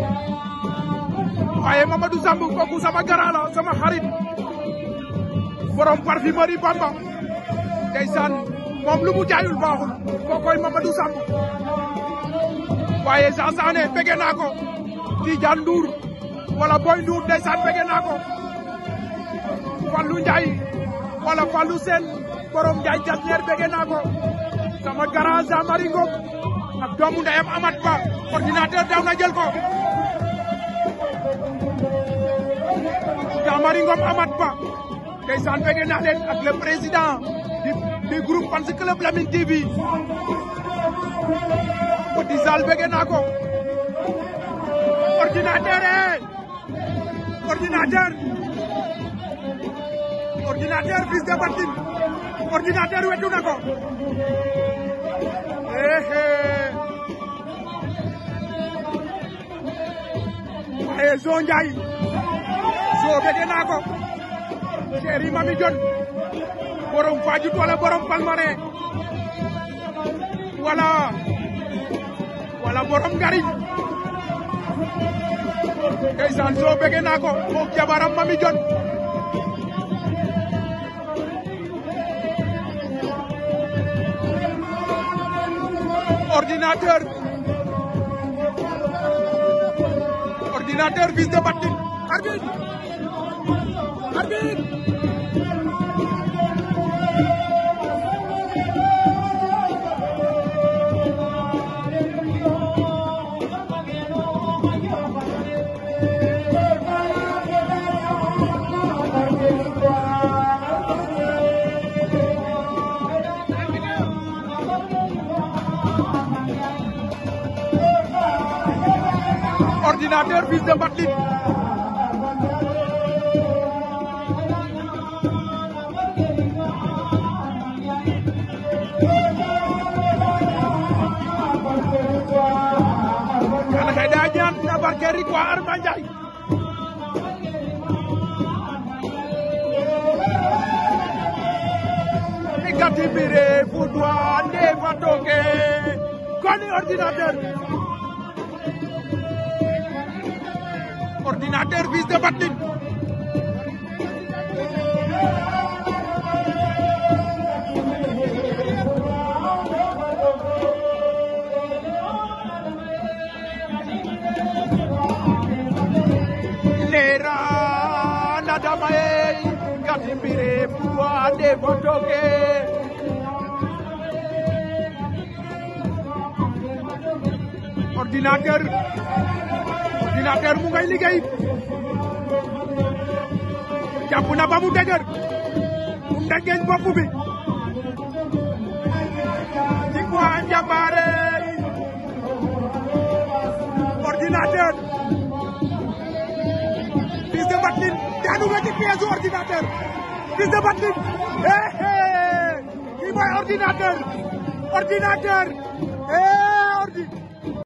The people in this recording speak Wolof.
waaye Mamadou Samb kooku sama garaa sama xarit borom parfumerie Bamba ndeysaan moom lu mu jaayul baaxul kookoy Mamadou Samb waaye Jean Sané bëgg naa ko Tidiane Boy Ndour ndeysaan bëgg naa ko Fallou Ndiaye wala Fallou borom Ndiaye Jasner bëgg sama garaa Jean ak doomu ndeyam Amat Ba ordinateur daw na jël ko Damari Ngom Amat Ba ndeysaan bëgg naa leen ak le président du du groupe fans club Lamine TV Petit Sall bëgg naa ko ordinateur ordinateur ordinateur fils de Batine ordinateur wetu na ko waaye Zo Ndiaye Zo bëgg naa ko chéri Mami Dione borom Fadiouth wala borom Palmarin wala wala borom Ngari ndeysaan Zo bëgg naa ko moog jabaram Mami Dione ordinateur ordinateur fils de Batling ordinateur fils de Mbathly kan xëy na ñaan na barke rik waa Arma Ndiaye i kati mbire fu duwa ndefa tooke koni ordinateur coordinateur fils de Batling Lera na damae katimbire bua de botoke Coordinateur. ordinateur mu ngay liggéey jàpp ba mu dëgër mu ndengeñ bopp bi ci quoi njàmbaare ordinateur Fils de Batlin daanu na ci piège ordinateur Fils de Batlin eh eh kii mooy ordinateur ordinateur eh